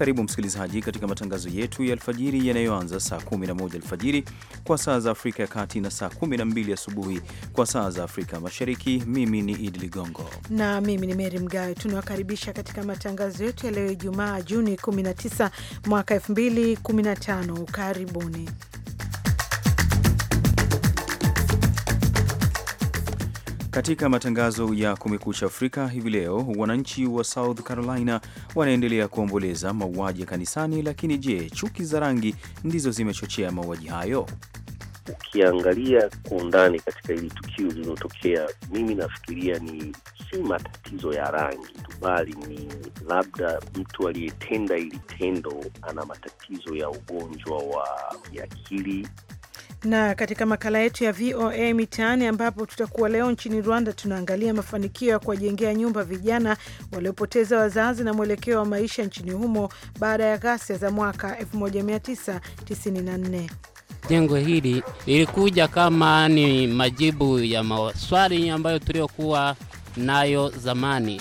Karibu msikilizaji katika matangazo yetu ya alfajiri yanayoanza saa 11 alfajiri kwa saa za Afrika ya Kati na saa 12 asubuhi kwa saa za Afrika Mashariki. Mimi ni Idi Ligongo na mimi ni Meri Mgawe. Tunawakaribisha katika matangazo yetu ya leo Ijumaa, Juni 19 mwaka 2015. Karibuni Katika matangazo ya Kumekucha Afrika hivi leo, wananchi wa South Carolina wanaendelea kuomboleza mauaji ya kanisani, lakini je, chuki za rangi ndizo zimechochea mauaji hayo? Ukiangalia kwa undani katika hili tukio lililotokea, mimi nafikiria ni si matatizo ya rangi tu, bali ni labda mtu aliyetenda hili tendo ana matatizo ya ugonjwa wa kiakili na katika makala yetu ya VOA Mitaani, ambapo tutakuwa leo nchini Rwanda, tunaangalia mafanikio ya kuwajengea nyumba vijana waliopoteza wazazi na mwelekeo wa maisha nchini humo baada ya ghasia za mwaka 1994. Jengo hili lilikuja kama ni majibu ya maswali ambayo tuliokuwa nayo zamani.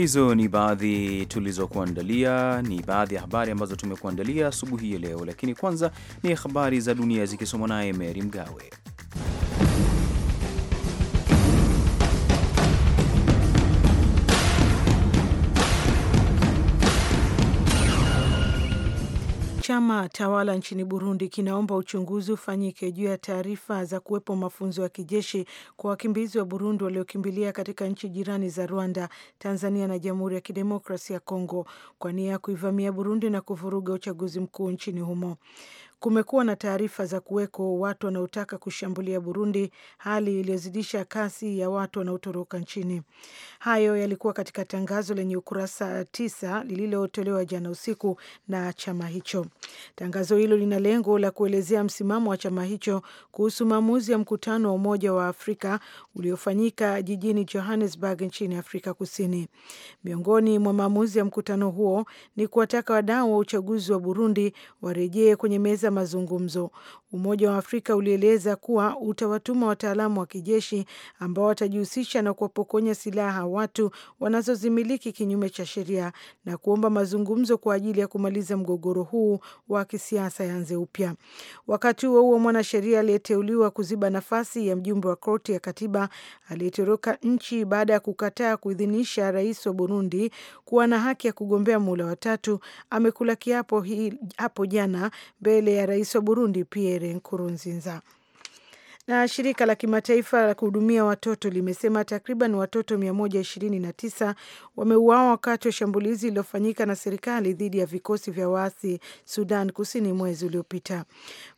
Hizo ni baadhi tulizokuandalia, ni baadhi ya habari ambazo tumekuandalia asubuhi ya leo, lakini kwanza ni habari za dunia zikisomwa naye Meri Mgawe. Chama tawala nchini Burundi kinaomba uchunguzi ufanyike juu ya taarifa za kuwepo mafunzo ya kijeshi kwa wakimbizi wa Burundi waliokimbilia katika nchi jirani za Rwanda, Tanzania na Jamhuri ya Kidemokrasia ya Kongo kwa nia ya kuivamia Burundi na kuvuruga uchaguzi mkuu nchini humo kumekuwa na taarifa za kuweko watu wanaotaka kushambulia Burundi, hali iliyozidisha kasi ya watu wanaotoroka nchini. Hayo yalikuwa katika tangazo lenye ukurasa tisa lililotolewa jana usiku na chama hicho. Tangazo hilo lina lengo la kuelezea msimamo wa chama hicho kuhusu maamuzi ya mkutano wa Umoja wa Afrika uliofanyika jijini Johannesburg nchini Afrika Kusini. Miongoni mwa maamuzi ya mkutano huo ni kuwataka wadau wa uchaguzi wa Burundi warejee kwenye meza kuanza mazungumzo. Umoja wa Afrika ulieleza kuwa utawatuma wataalamu wa kijeshi ambao watajihusisha na kuwapokonya silaha watu wanazozimiliki kinyume cha sheria na kuomba mazungumzo kwa ajili ya kumaliza mgogoro huu wa kisiasa yaanze upya. Wakati huo huo, mwanasheria aliyeteuliwa kuziba nafasi ya mjumbe wa koti ya katiba aliyetoroka nchi baada ya kukataa kuidhinisha rais wa Burundi kuwa na haki ya kugombea muhula watatu amekula kiapo hii hapo jana mbele ya rais wa Burundi Pierre Nkurunziza. Na shirika la kimataifa la kuhudumia watoto limesema takriban watoto 129 wameuawa wakati wa shambulizi lililofanyika na serikali dhidi ya vikosi vya waasi Sudan Kusini mwezi uliopita.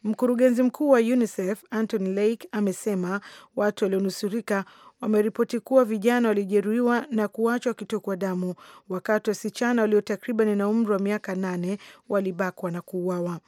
Mkurugenzi mkuu wa UNICEF Anthony Lake amesema watu walionusurika wameripoti kuwa vijana walijeruhiwa na kuachwa wakitokwa damu, wakati wasichana walio takriban na umri wa miaka nane walibakwa na kuuawa.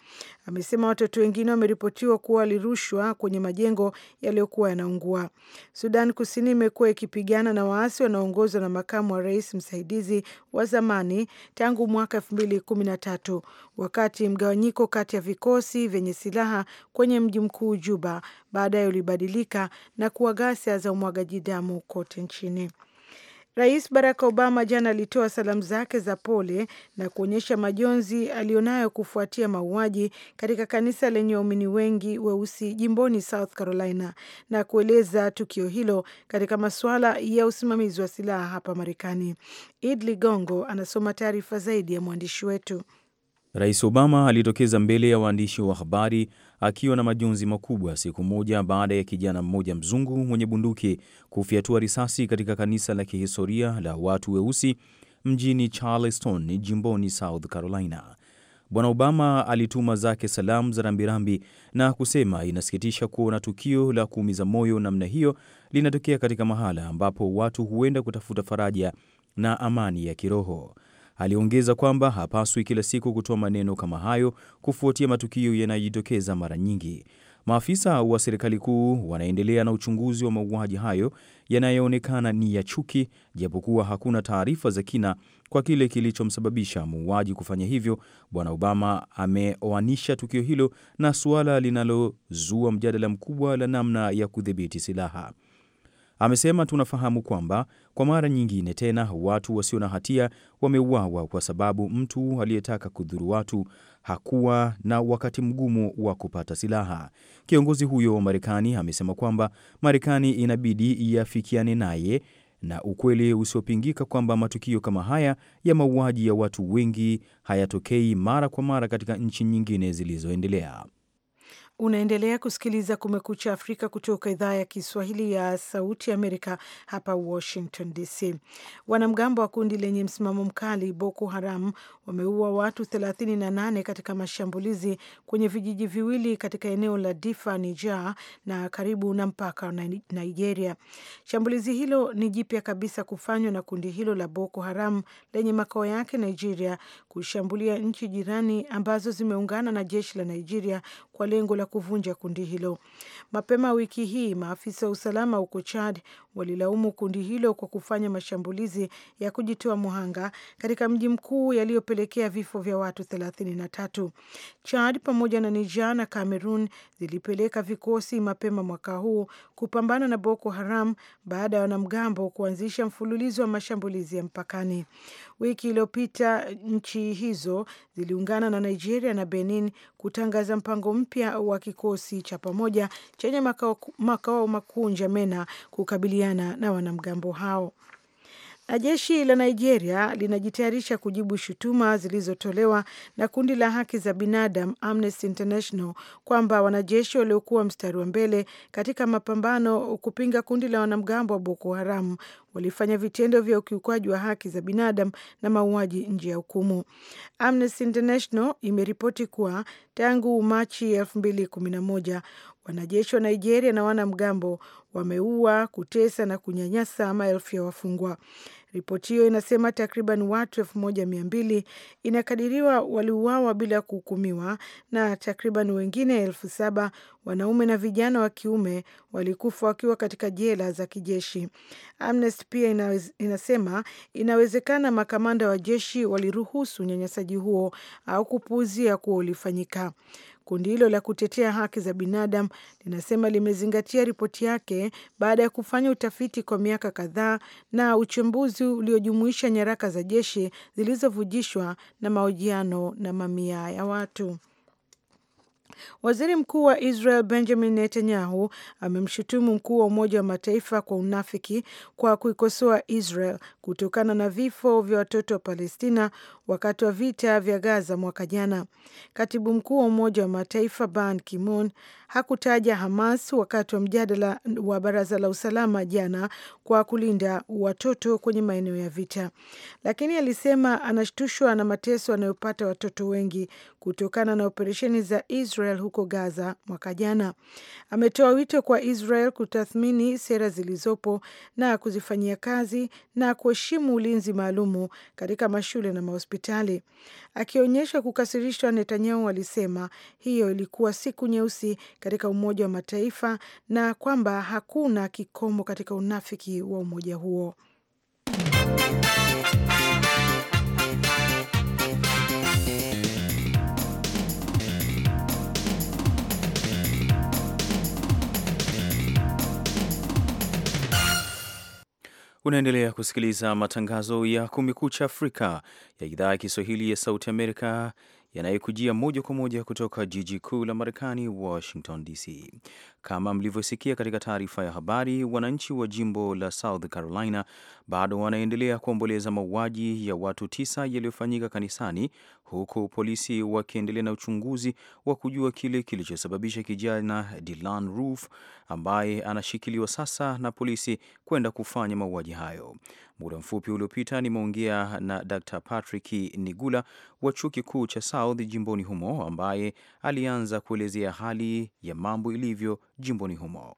Amesema watoto wengine wameripotiwa kuwa walirushwa kwenye majengo yaliyokuwa yanaungua. Sudan Kusini imekuwa ikipigana na waasi wanaoongozwa na makamu wa rais msaidizi wa zamani tangu mwaka elfu mbili kumi na tatu wakati mgawanyiko kati ya vikosi vyenye silaha kwenye mji mkuu Juba baadaye ulibadilika na kuwa ghasia za umwagaji damu kote nchini. Rais Barack Obama jana alitoa salamu zake za pole na kuonyesha majonzi aliyonayo kufuatia mauaji katika kanisa lenye waumini wengi weusi jimboni South Carolina na kueleza tukio hilo katika masuala ya usimamizi wa silaha hapa Marekani. idli gongo anasoma taarifa zaidi ya mwandishi wetu. Rais Obama alitokeza mbele ya waandishi wa habari akiwa na majonzi makubwa siku moja baada ya kijana mmoja mzungu mwenye bunduki kufyatua risasi katika kanisa la kihistoria la watu weusi mjini Charleston, jimboni South Carolina. Bwana Obama alituma zake salamu za rambirambi na kusema inasikitisha kuona tukio la kuumiza moyo namna hiyo linatokea katika mahala ambapo watu huenda kutafuta faraja na amani ya kiroho. Aliongeza kwamba hapaswi kila siku kutoa maneno kama hayo kufuatia matukio yanayojitokeza mara nyingi. Maafisa wa serikali kuu wanaendelea na uchunguzi wa mauaji hayo yanayoonekana ni ya chuki, japokuwa hakuna taarifa za kina kwa kile kilichomsababisha muuaji kufanya hivyo. Bwana Obama ameoanisha tukio hilo na suala linalozua mjadala mkubwa la namna ya kudhibiti silaha. Amesema tunafahamu kwamba kwa mara nyingine tena watu wasio na hatia wameuawa kwa sababu mtu aliyetaka kudhuru watu hakuwa na wakati mgumu wa kupata silaha. Kiongozi huyo wa Marekani amesema kwamba Marekani inabidi iafikiane naye na ukweli usiopingika kwamba matukio kama haya ya mauaji ya watu wengi hayatokei mara kwa mara katika nchi nyingine zilizoendelea. Unaendelea kusikiliza Kumekucha Afrika kutoka idhaa ya Kiswahili ya Sauti Amerika hapa Washington DC. Wanamgambo wa kundi lenye msimamo mkali Boko Haram wameua watu 38 katika mashambulizi kwenye vijiji viwili katika eneo la Difa, Niger na karibu na mpaka na Nigeria. Shambulizi hilo ni jipya kabisa kufanywa na kundi hilo la Boko Haram lenye makao yake Nigeria, kushambulia nchi jirani ambazo zimeungana na jeshi la Nigeria kwa lengo la kuvunja kundi hilo. Mapema wiki hii, maafisa wa usalama huko Chad walilaumu kundi hilo kwa kufanya mashambulizi ya kujitoa muhanga katika mji mkuu yaliyopelekea vifo vya watu tatu Chad pamoja na Niger na Cameroon zilipeleka vikosi mapema mwaka huu kupambana na Boko Haram baada ya wanamgambo kuanzisha mfululizo wa mashambulizi ya mpakani. Wiki iliyopita nchi hizo ziliungana na Nigeria na Benin kutangaza mpango mpya wa kikosi cha pamoja chenye makao, makao makuu Njamena kukabiliana na wanamgambo hao. Na jeshi la Nigeria linajitayarisha kujibu shutuma zilizotolewa na kundi la haki za binadamu Amnesty International kwamba wanajeshi waliokuwa mstari wa mbele katika mapambano kupinga kundi la wanamgambo wa Boko Haram walifanya vitendo vya ukiukwaji wa haki za binadamu na mauaji nje ya hukumu. Amnesty International imeripoti kuwa tangu Machi elfu mbili kumi na moja wanajeshi wa Nigeria na wanamgambo wameua, kutesa na kunyanyasa maelfu ya wafungwa. Ripoti hiyo inasema takriban watu elfu moja mia mbili inakadiriwa waliuawa bila kuhukumiwa na takriban wengine elfu saba wanaume na vijana wa kiume walikufa wakiwa katika jela za kijeshi. Amnesty pia inasema inawezekana makamanda wa jeshi waliruhusu unyanyasaji huo au kupuuzia kuwa ulifanyika. Kundi hilo la kutetea haki za binadamu linasema limezingatia ripoti yake baada ya kufanya utafiti kwa miaka kadhaa na uchambuzi uliojumuisha nyaraka za jeshi zilizovujishwa na mahojiano na mamia ya watu. Waziri Mkuu wa Israel Benjamin Netanyahu amemshutumu mkuu wa Umoja wa Mataifa kwa unafiki kwa kuikosoa Israel kutokana na vifo vya watoto wa Palestina wakati wa vita vya Gaza mwaka jana. Katibu mkuu wa Umoja wa Mataifa Ban Ki-moon hakutaja Hamas wakati wa mjadala wa Baraza la Usalama jana kwa kulinda watoto kwenye maeneo ya vita, lakini alisema anashtushwa na mateso anayopata watoto wengi kutokana na operesheni za Israel huko Gaza mwaka jana. Ametoa wito kwa Israel kutathmini sera zilizopo na kuzifanyia kazi na ku kuheshimu ulinzi maalumu katika mashule na mahospitali. Akionyesha kukasirishwa, Netanyahu alisema hiyo ilikuwa siku nyeusi katika Umoja wa Mataifa na kwamba hakuna kikomo katika unafiki wa umoja huo. Unaendelea kusikiliza matangazo ya Kumekucha Afrika ya idhaa ya Kiswahili ya Sauti Amerika yanayokujia moja kwa moja kutoka jiji kuu la Marekani, Washington DC. Kama mlivyosikia katika taarifa ya habari, wananchi wa jimbo la South Carolina bado wanaendelea kuomboleza mauaji ya watu tisa yaliyofanyika kanisani, huku polisi wakiendelea na uchunguzi wa kujua kile kilichosababisha kijana Dylan Roof ambaye anashikiliwa sasa na polisi kwenda kufanya mauaji hayo. Muda mfupi uliopita nimeongea na Dr. Patrick Nigula wa chuo kikuu cha South jimboni humo, ambaye alianza kuelezea hali ya mambo ilivyo jimboni humo.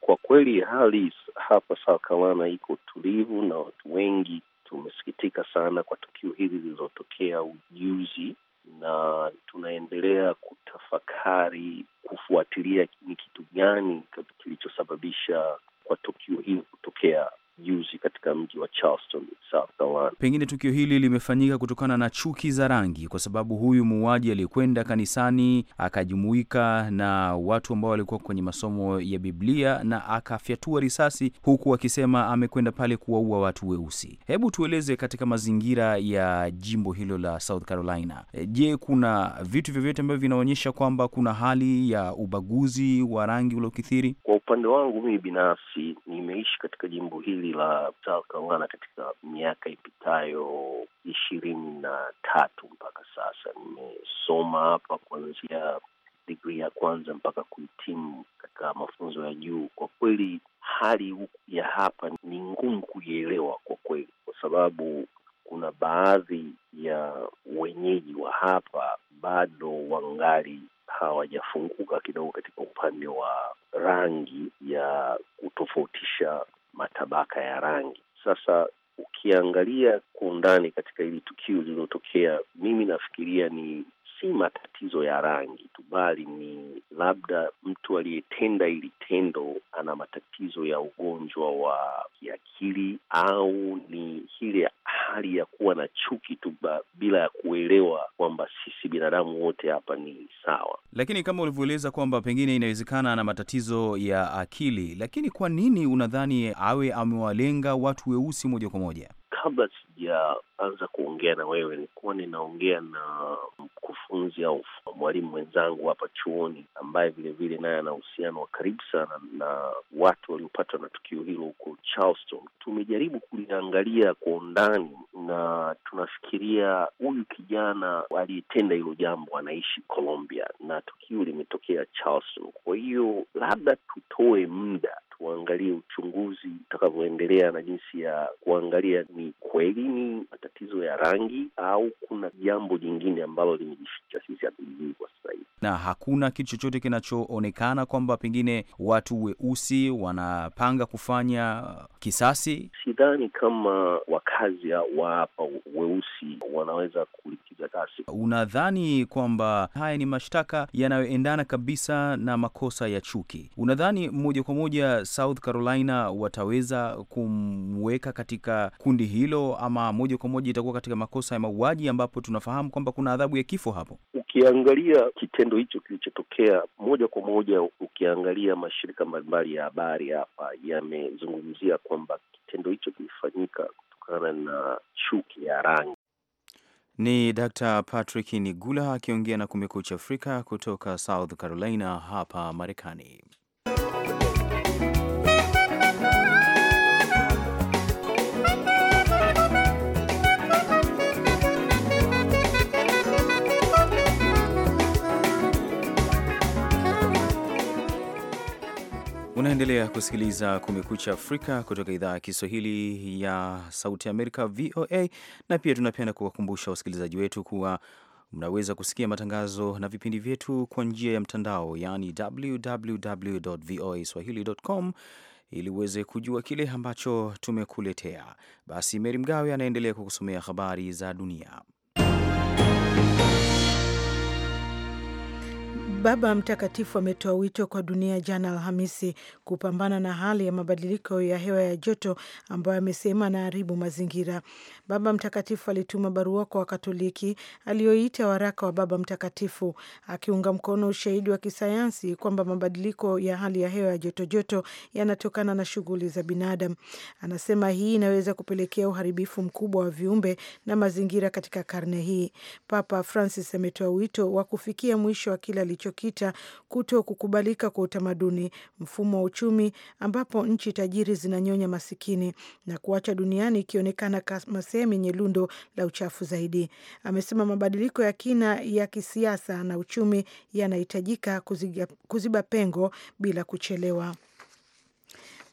Kwa kweli hali hapa Sakawana iko tulivu na watu wengi tumesikitika sana kwa tukio hili lililotokea ujuzi, na tunaendelea kutafakari kufuatilia ni kitu gani kilichosababisha kwa tukio hili kutokea juzi katika mji wa Charleston, South Carolina. Pengine tukio hili limefanyika kutokana na chuki za rangi, kwa sababu huyu muuaji alikwenda kanisani akajumuika na watu ambao walikuwa kwenye masomo ya Biblia na akafyatua risasi, huku akisema amekwenda pale kuwaua watu weusi. Hebu tueleze katika mazingira ya jimbo hilo la South Carolina, je, kuna vitu vyovyote ambavyo vinaonyesha kwamba kuna hali ya ubaguzi wa rangi uliokithiri? Kwa upande wangu mimi binafsi nimeishi katika jimbo hili hili la South Carolina katika miaka ipitayo ishirini na tatu mpaka sasa. Nimesoma hapa kuanzia digrii ya kwanza mpaka kuhitimu katika mafunzo ya juu. Kwa kweli, hali ya hapa ni ngumu kuielewa kwa kweli, kwa sababu kuna baadhi ya wenyeji wa hapa bado wangali hawajafunguka kidogo katika upande wa rangi ya kutofautisha matabaka ya rangi. Sasa ukiangalia kwa undani katika hili tukio lililotokea, mimi nafikiria ni si matatizo ya rangi tu, bali ni labda mtu aliyetenda hili tendo ana matatizo ya ugonjwa wa kiakili, au ni ile hali ya kuwa na chuki tu bila ya kuelewa kwamba sisi binadamu wote hapa ni sawa. Lakini kama ulivyoeleza kwamba pengine inawezekana ana matatizo ya akili, lakini kwa nini unadhani awe amewalenga watu weusi moja kwa moja? Kabla sijaanza kuongea na wewe, nilikuwa ninaongea na mkufunzi au mwalimu mwenzangu hapa chuoni ambaye vilevile naye ana uhusiano wa karibu sana na watu waliopatwa na tukio hilo huko Charleston. Tumejaribu kuliangalia kwa undani na tunafikiria huyu kijana aliyetenda hilo jambo anaishi Colombia na tukio limetokea Charleston. Kwa hiyo labda tutoe muda tuangalie uchunguzi utakavyoendelea na jinsi ya kuangalia ni kweli ni matatizo ya rangi au kuna jambo jingine ambalo limejificha, sisi hatujui kwa sasa hivi, na hakuna kitu chochote kinachoonekana kwamba pengine watu weusi wanapanga kufanya kisasi. Sidhani kama wakazi wa hapa weusi wanaweza kuli za kasi. Unadhani kwamba haya ni mashtaka yanayoendana kabisa na makosa ya chuki? Unadhani moja kwa moja South Carolina wataweza kumweka katika kundi hilo, ama moja kwa moja itakuwa katika makosa ya mauaji, ambapo tunafahamu kwamba kuna adhabu ya kifo hapo? Ukiangalia kitendo hicho kilichotokea, moja kwa moja, ukiangalia mashirika mbalimbali ya habari hapa yamezungumzia kwamba kitendo hicho kilifanyika kutokana na chuki ya rangi ni Dr. Patrick Nigula akiongea na Kumekucha Afrika kutoka South Carolina hapa Marekani. Unaendelea kusikiliza Kumekucha Afrika kutoka idhaa ya Kiswahili ya Sauti Amerika, VOA, na pia tunapenda kuwakumbusha wasikilizaji wetu kuwa mnaweza kusikia matangazo na vipindi vyetu kwa njia ya mtandao, yaani www voa swahili.com, ili uweze kujua kile ambacho tumekuletea. Basi Meri Mgawe anaendelea kukusomea habari za dunia. Baba Mtakatifu ametoa wito kwa dunia jana Alhamisi kupambana na hali ya mabadiliko ya hewa ya joto ambayo amesema anaharibu mazingira. Baba Mtakatifu alituma barua kwa Wakatoliki aliyoita waraka wa Baba Mtakatifu, akiunga mkono ushahidi wa kisayansi kwamba mabadiliko ya hali ya hewa ya jotojoto yanatokana na shughuli za binadamu. Anasema hii inaweza kupelekea uharibifu mkubwa wa viumbe na mazingira katika karne hii. Papa Francis ametoa wito wa kufikia mwisho wa kile alicho kilichokita kuto kukubalika kwa utamaduni, mfumo wa uchumi ambapo nchi tajiri zinanyonya masikini na kuacha duniani ikionekana kama sehemu yenye lundo la uchafu zaidi. Amesema mabadiliko ya kina ya kisiasa na uchumi yanahitajika kuziba pengo bila kuchelewa.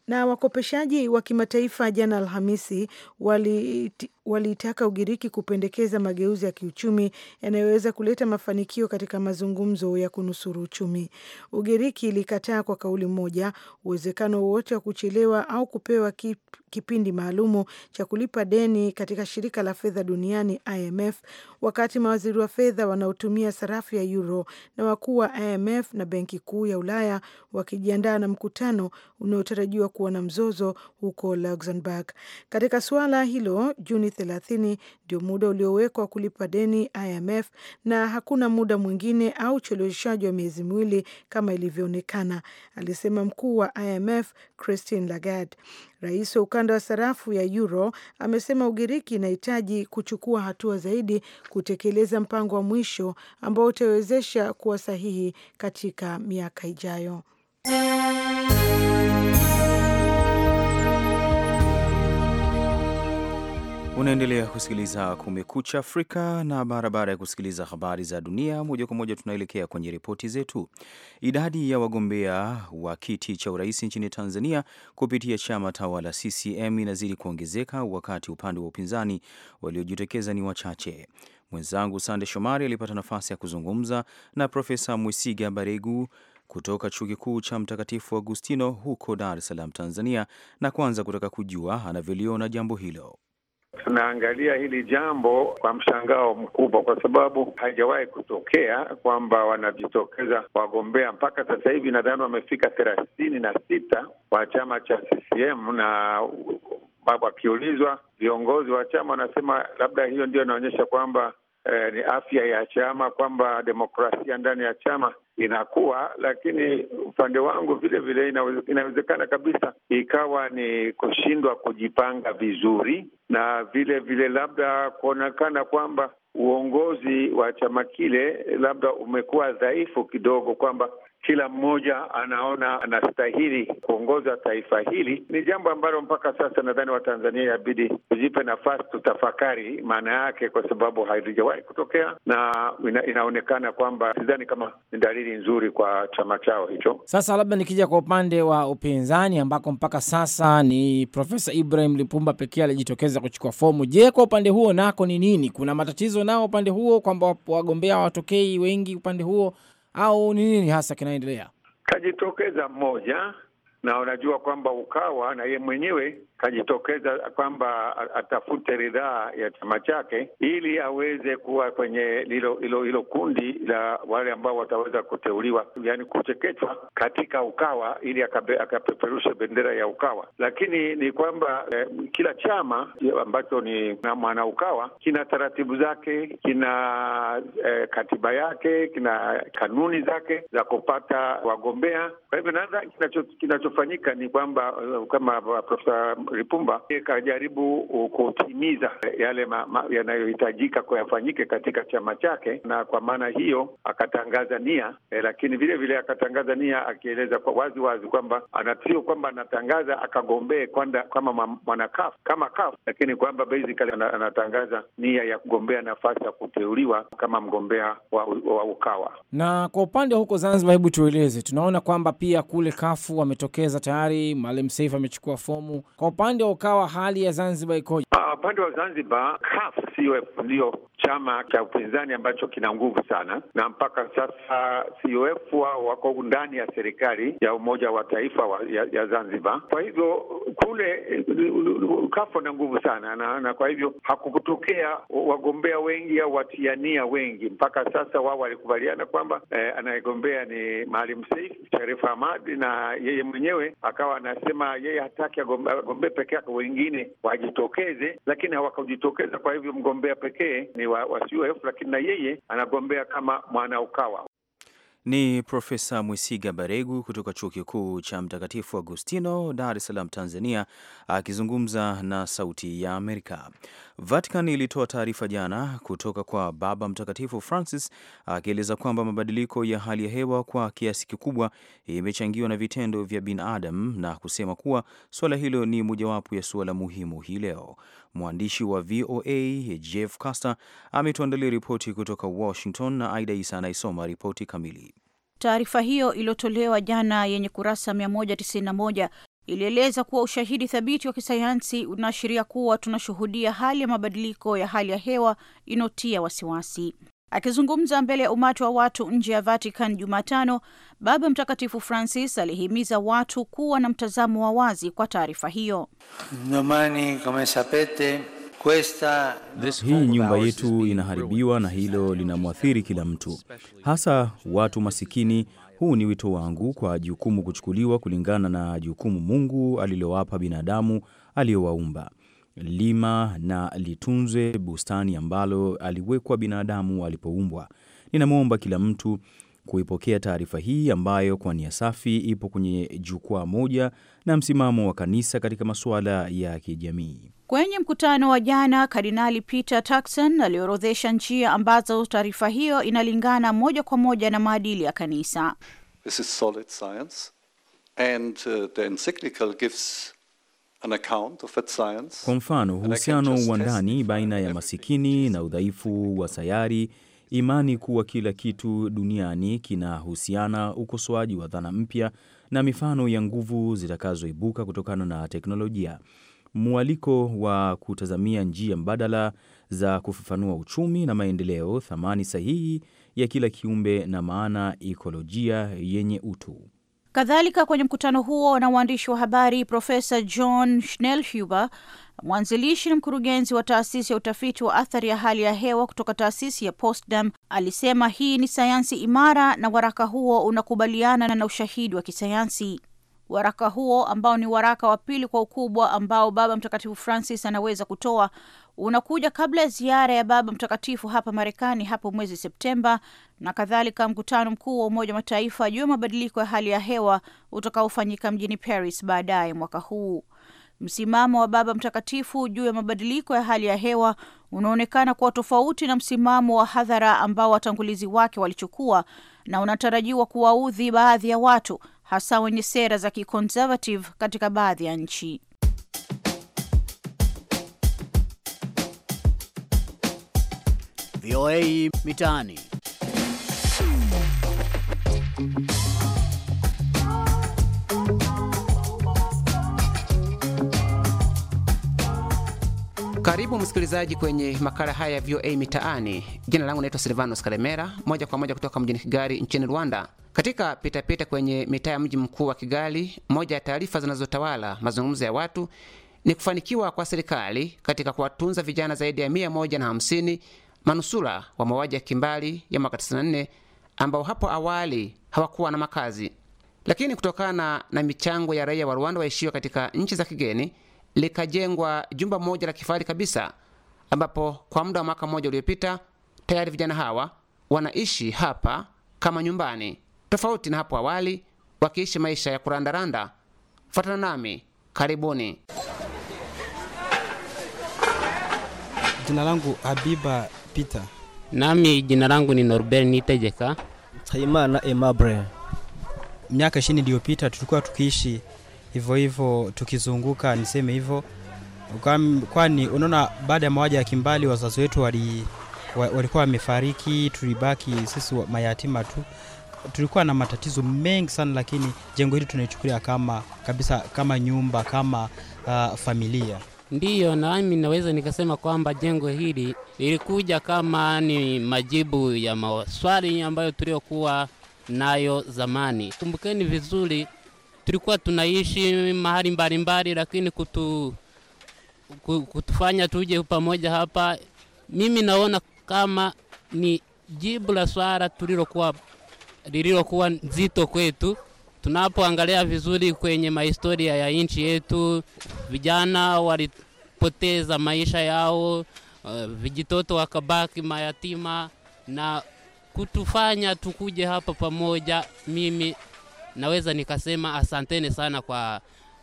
Na wakopeshaji wa kimataifa jana Alhamisi wali waliitaka Ugiriki kupendekeza mageuzi ya kiuchumi yanayoweza kuleta mafanikio katika mazungumzo ya kunusuru uchumi. Ugiriki ilikataa kwa kauli moja uwezekano wowote wa kuchelewa au kupewa kipindi maalumu cha kulipa deni katika shirika la fedha duniani IMF, wakati mawaziri wa fedha wanaotumia sarafu ya euro na wakuu wa IMF na Benki Kuu ya Ulaya wakijiandaa na mkutano unaotarajiwa kuwa na mzozo huko Luxembourg. Katika suala hilo Juni 30 ndio muda uliowekwa kulipa deni IMF na hakuna muda mwingine au ucheleweshaji wa miezi miwili kama ilivyoonekana, alisema mkuu wa IMF Christine Lagarde. Rais wa ukanda wa sarafu ya euro amesema Ugiriki inahitaji kuchukua hatua zaidi kutekeleza mpango wa mwisho ambao utawezesha kuwa sahihi katika miaka ijayo. Unaendelea kusikiliza Kumekucha Afrika, na mara baada ya kusikiliza habari za dunia moja kwa moja, tunaelekea kwenye ripoti zetu. Idadi ya wagombea wa kiti cha urais nchini Tanzania kupitia chama tawala CCM inazidi kuongezeka, wakati upande wa upinzani waliojitokeza ni wachache. Mwenzangu Sande Shomari alipata nafasi ya kuzungumza na Profesa Mwesiga Baregu kutoka chuo kikuu cha Mtakatifu Agustino huko Dar es Salaam, Tanzania, na kwanza kutaka kujua anavyoliona jambo hilo tunaangalia hili jambo kwa mshangao mkubwa, kwa sababu haijawahi kutokea kwamba wanajitokeza wagombea. Mpaka sasa hivi nadhani wamefika thelathini na sita wa chama cha CCM na wakiulizwa viongozi wa chama wanasema labda hiyo ndio inaonyesha kwamba eh, ni afya ya chama kwamba demokrasia ndani ya chama inakuwa, lakini upande wangu vile vile inawezekana kabisa ikawa ni kushindwa kujipanga vizuri na vile vile labda kuonekana kwamba uongozi wa chama kile labda umekuwa dhaifu kidogo, kwamba kila mmoja anaona anastahili kuongoza taifa hili, ni jambo ambalo mpaka sasa nadhani Watanzania yabidi tujipe nafasi tutafakari maana yake, kwa sababu halijawahi kutokea na ina, inaonekana kwamba sidhani kama ni dalili nzuri kwa chama chao hicho. Sasa labda nikija kwa upande wa upinzani ambako mpaka sasa ni Profesa Ibrahim Lipumba pekee alijitokeza kuchukua fomu. Je, kwa upande huo nako ni nini? Kuna matatizo nao upande huo kwamba wagombea hawatokei wengi upande huo au ni nini hasa kinaendelea? Kajitokeza mmoja na unajua kwamba Ukawa na yeye mwenyewe kajitokeza kwamba atafute ridhaa ya chama chake ili aweze kuwa kwenye hilo kundi la wale ambao wataweza kuteuliwa, yani kuchekechwa katika Ukawa ili akapeperushe bendera ya Ukawa. Lakini ni kwamba eh, kila chama ambacho ni mwana Ukawa kina taratibu zake, kina eh, katiba yake, kina kanuni zake za kupata wagombea. Kwa hivyo nadha kinachofanyika kina ni kwamba eh, kama Profesa Lipumba ikajaribu kutimiza yale yanayohitajika kuyafanyike katika chama chake, na kwa maana hiyo akatangaza nia eh, lakini vile vile akatangaza nia akieleza kwa wazi wazi kwamba sio kwamba anatangaza akagombee kama mwanakafu kama kafu, lakini kwamba basically anatangaza nia ya kugombea nafasi ya kuteuliwa kama mgombea wa, wa Ukawa. Na kwa upande wa huko Zanzibar, hebu tueleze, tunaona kwamba pia kule kafu wametokeza tayari, Maalim Seif amechukua fomu kwa upande wa Ukawa hali ya Zanzibar ikoje? Ah, upande wa Zanzibar, CUF ndio chama cha upinzani ambacho kina nguvu sana, na mpaka sasa COF wao wako ndani ya serikali ya Umoja wa Taifa wa, ya, ya Zanzibar. Kwa hivyo kule kafo na nguvu sana na, na kwa hivyo hakukutokea wagombea wengi au watiania wengi. Mpaka sasa wao walikubaliana kwamba eh, anayegombea ni Maalim Seif Sharif Hamad, na yeye mwenyewe akawa anasema yeye hataki agombee peke yake, wengine wajitokeze, lakini hawakujitokeza. Kwa hivyo mgombea pekee ni wa, wa CUF, lakini na yeye anagombea kama mwana Ukawa. Ni Profesa Mwesiga Baregu kutoka Chuo Kikuu cha Mtakatifu Agustino, Dar es Salaam, Tanzania, akizungumza na Sauti ya Amerika. Vatican ilitoa taarifa jana kutoka kwa Baba Mtakatifu Francis akieleza kwamba mabadiliko ya hali ya hewa kwa kiasi kikubwa imechangiwa na vitendo vya binadamu na kusema kuwa suala hilo ni mojawapo ya suala muhimu hii leo. Mwandishi wa VOA Jeff Caster ametuandalia ripoti kutoka Washington na Aida Isa anayesoma ripoti kamili. Taarifa hiyo iliyotolewa jana yenye kurasa 191 ilieleza kuwa ushahidi thabiti wa kisayansi unaashiria kuwa tunashuhudia hali ya mabadiliko ya hali ya hewa inayotia wasiwasi. Akizungumza mbele ya umati wa watu nje ya Vatican Jumatano, Baba Mtakatifu Francis alihimiza watu kuwa na mtazamo wa wazi kwa taarifa hiyo. Domani sapete hii nyumba yetu inaharibiwa na hilo linamwathiri kila mtu, hasa watu masikini huu ni wito wangu kwa jukumu kuchukuliwa kulingana na jukumu Mungu alilowapa binadamu aliyowaumba. Lima na litunze bustani ambalo aliwekwa binadamu alipoumbwa. Ninamwomba kila mtu kuipokea taarifa hii ambayo kwa nia safi ipo kwenye jukwaa moja na msimamo wa kanisa katika masuala ya kijamii. Kwenye mkutano wa jana, Kardinali Peter Turkson aliorodhesha njia ambazo taarifa hiyo inalingana moja kwa moja na maadili ya kanisa. This is solid science and uh, the encyclical gives kwa mfano, uhusiano wa ndani baina ya masikini na udhaifu wa sayari, imani kuwa kila kitu duniani kinahusiana, ukosoaji wa dhana mpya na mifano ya nguvu zitakazoibuka kutokana na teknolojia mwaliko wa kutazamia njia mbadala za kufafanua uchumi na maendeleo, thamani sahihi ya kila kiumbe na maana ikolojia yenye utu. Kadhalika, kwenye mkutano huo na waandishi wa habari, Profesa John Schnellhuber, mwanzilishi na mkurugenzi wa taasisi ya utafiti wa athari ya hali ya hewa kutoka taasisi ya Potsdam, alisema hii ni sayansi imara na waraka huo unakubaliana na ushahidi wa kisayansi. Waraka huo ambao ni waraka wa pili kwa ukubwa ambao Baba Mtakatifu Francis anaweza kutoa unakuja kabla ya ziara ya Baba Mtakatifu hapa Marekani hapo mwezi Septemba na kadhalika mkutano mkuu wa Umoja wa Mataifa juu ya mabadiliko ya hali ya hewa utakaofanyika mjini Paris baadaye mwaka huu. Msimamo wa Baba Mtakatifu juu ya mabadiliko ya hali ya hewa unaonekana kuwa tofauti na msimamo wa hadhara ambao watangulizi wake walichukua na unatarajiwa kuwaudhi baadhi ya watu hasa wenye sera za kiconservative katika baadhi ya nchi. VOA Mitaani. Karibu msikilizaji kwenye makala haya ya VOA Mitaani. Jina langu naitwa Silvanos Karemera, moja kwa moja kutoka mjini Kigali nchini Rwanda. Katika pitapita pita kwenye mitaa ya mji mkuu wa Kigali, moja ya taarifa zinazotawala mazungumzo ya watu ni kufanikiwa kwa serikali katika kuwatunza vijana zaidi ya mia moja na hamsini manusura wa mauaji ya kimbali ya mwaka 94 ambao hapo awali hawakuwa na makazi, lakini kutokana na michango ya raia wa Rwanda waishiwa katika nchi za kigeni likajengwa jumba moja la kifahari kabisa, ambapo kwa muda wa mwaka mmoja uliopita tayari vijana hawa wanaishi hapa kama nyumbani, tofauti na hapo awali wakiishi maisha ya kurandaranda. Fuatana nami, karibuni. Jina langu Habiba Peter. Nami jina langu ni Norbert Nitegeka. Haimana Emabre. Miaka 20 iliyopita tulikuwa tukiishi hivyo hivyo tukizunguka, niseme hivyo, kwani unaona, baada ya mawaja ya kimbali wazazi wetu wali, walikuwa wamefariki, tulibaki sisi mayatima tu. Tulikuwa na matatizo mengi sana, lakini jengo hili tunaichukulia kama kabisa kama nyumba kama uh, familia. Ndiyo, nami naweza nikasema kwamba jengo hili lilikuja kama ni majibu ya maswali ambayo tuliokuwa nayo zamani. Kumbukeni vizuri tulikuwa tunaishi mahali mbalimbali, lakini kutu, kutufanya tuje pamoja hapa, mimi naona kama ni jibu la swala tulilokuwa lililokuwa nzito kwetu. Tunapoangalia vizuri kwenye mahistoria ya nchi yetu, vijana walipoteza maisha yao, uh, vijitoto wakabaki mayatima na kutufanya tukuje hapa pamoja, mimi naweza nikasema asanteni sana kwa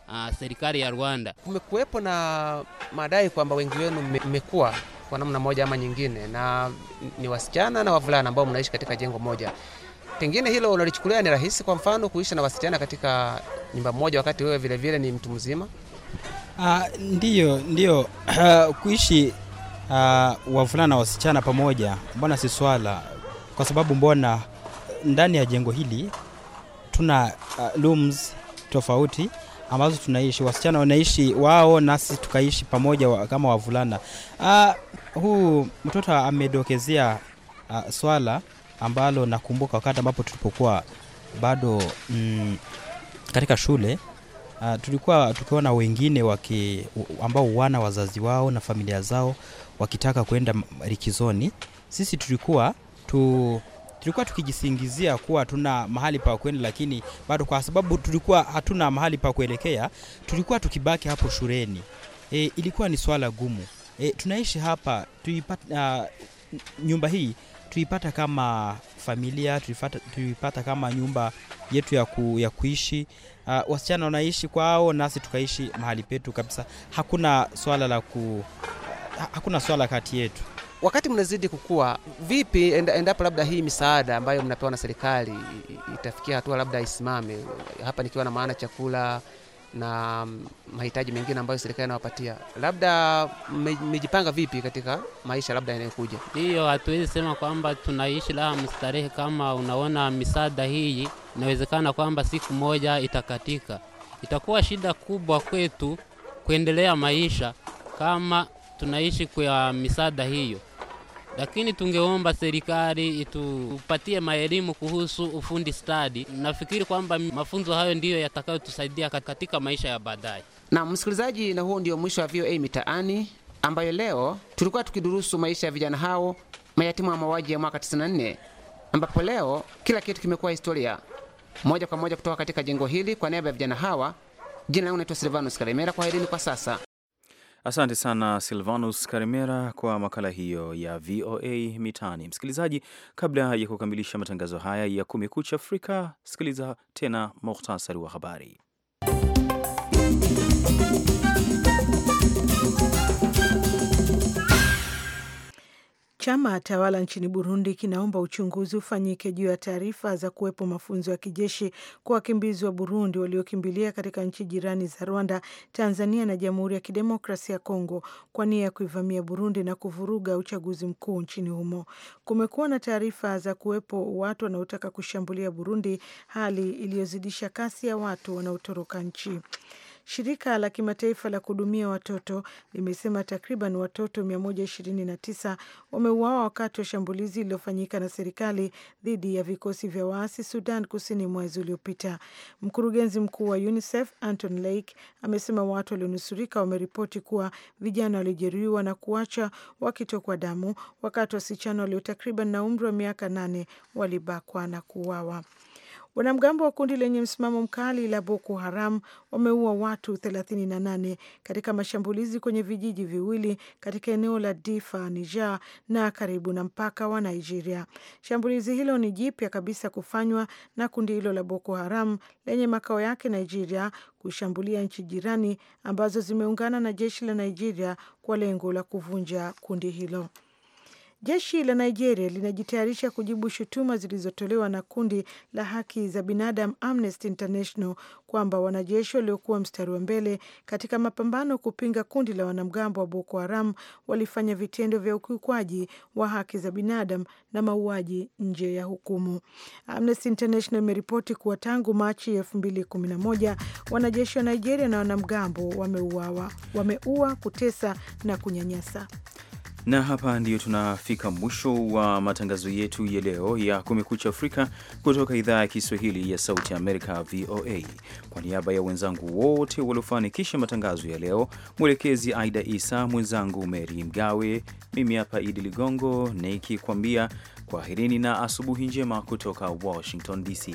uh, serikali ya Rwanda. Kumekuwepo na madai kwamba wengi wenu mmekuwa kwa namna moja ama nyingine, na ni wasichana na wavulana ambao mnaishi katika jengo moja. Pengine hilo unalichukulia ni rahisi, kwa mfano kuishi na wasichana katika nyumba moja, wakati wewe vile vile ni mtu mzima? Uh, ndiyo, ndiyo. Uh, kuishi uh, wavulana na wasichana pamoja, mbona si swala, kwa sababu mbona ndani ya jengo hili tuna uh, rooms tofauti ambazo tunaishi, wasichana wanaishi wao, nasi tukaishi pamoja wa, kama wavulana. Uh, huu mtoto amedokezea uh, swala ambalo nakumbuka wakati ambapo tulipokuwa bado mm, katika shule uh, tulikuwa tukiona wengine waki, ambao wana wazazi wao na familia zao wakitaka kwenda likizoni. Sisi tulikuwa tu tulikuwa tukijisingizia kuwa tuna mahali pa kwenda, lakini bado kwa sababu tulikuwa hatuna mahali pa kuelekea, tulikuwa tukibaki hapo shuleni. E, ilikuwa ni swala gumu. E, tunaishi hapa tuipata, uh, nyumba hii tuipata kama familia tuipata, tuipata kama nyumba yetu ya, ku, ya kuishi. Uh, wasichana wanaishi kwao, nasi tukaishi mahali petu kabisa. Hakuna swala la ku, hakuna swala kati yetu. Wakati mnazidi kukua, vipi endapo labda hii misaada ambayo mnapewa na serikali itafikia hatua labda isimame hapa, nikiwa na maana chakula na mahitaji mengine ambayo serikali inawapatia, labda mmejipanga vipi katika maisha labda yanayokuja? Hiyo hatuwezi sema kwamba tunaishi raha mstarehe. Kama unaona misaada hii, inawezekana kwamba siku moja itakatika, itakuwa shida kubwa kwetu kuendelea maisha kama tunaishi kwa misaada hiyo lakini tungeomba serikali itupatie maelimu kuhusu ufundi stadi. Nafikiri kwamba mafunzo hayo ndiyo yatakayotusaidia katika maisha ya baadaye. Na msikilizaji, na huo ndio mwisho wa VOA Mitaani ambayo leo tulikuwa tukidurusu maisha ya vijana hao mayatima wa mauaji ya mwaka 94 ambapo leo kila kitu kimekuwa historia. Moja kwa moja kutoka katika jengo hili, kwa niaba ya vijana hawa, jina langu naitwa Silvanus Karemera. Kwa herini kwa sasa. Asante sana Silvanus Karimera kwa makala hiyo ya VOA Mitaani. Msikilizaji, kabla ya kukamilisha matangazo haya ya Kumekucha Afrika, sikiliza tena muhtasari wa habari. Chama tawala nchini Burundi kinaomba uchunguzi ufanyike juu ya taarifa za kuwepo mafunzo ya kijeshi kwa wakimbizi wa Burundi waliokimbilia katika nchi jirani za Rwanda, Tanzania na Jamhuri ya Kidemokrasia ya Kongo kwa nia ya kuivamia Burundi na kuvuruga uchaguzi mkuu nchini humo. Kumekuwa na taarifa za kuwepo watu wanaotaka kushambulia Burundi, hali iliyozidisha kasi ya watu wanaotoroka nchi. Shirika la kimataifa la kuhudumia watoto limesema takriban watoto 129 wameuawa wakati wa shambulizi lililofanyika na serikali dhidi ya vikosi vya waasi Sudan Kusini mwezi uliopita. Mkurugenzi mkuu wa UNICEF Anton Lake amesema watu walionusurika wameripoti kuwa vijana waliojeruhiwa na kuacha wakitokwa damu, wakati wasichana walio takriban na umri wa miaka nane walibakwa na kuuawa. Wanamgambo wa kundi lenye msimamo mkali la Boko Haram wameua watu 38 katika mashambulizi kwenye vijiji viwili katika eneo la Difa, Niger na karibu na mpaka wa Nigeria. Shambulizi hilo ni jipya kabisa kufanywa na kundi hilo la Boko Haram lenye makao yake Nigeria kushambulia nchi jirani ambazo zimeungana na jeshi la Nigeria kwa lengo la kuvunja kundi hilo. Jeshi la Nigeria linajitayarisha kujibu shutuma zilizotolewa na kundi la haki za binadamu Amnesty International kwamba wanajeshi waliokuwa mstari wa mbele katika mapambano kupinga kundi la wanamgambo wa Boko Haram walifanya vitendo vya ukiukwaji wa haki za binadamu na mauaji nje ya hukumu. Amnesty International imeripoti kuwa tangu Machi 2011 wanajeshi wa Nigeria na wanamgambo wameuawa, wameua, kutesa na kunyanyasa. Na hapa ndiyo tunafika mwisho wa matangazo yetu ya leo ya Kumekucha Afrika kutoka idhaa ya Kiswahili ya Sauti Amerika, VOA. Kwa niaba ya wenzangu wote waliofanikisha matangazo ya leo, mwelekezi Aida Isa, mwenzangu Meri Mgawe, mimi hapa Idi Ligongo nikikwambia kwaherini na asubuhi njema kutoka Washington DC.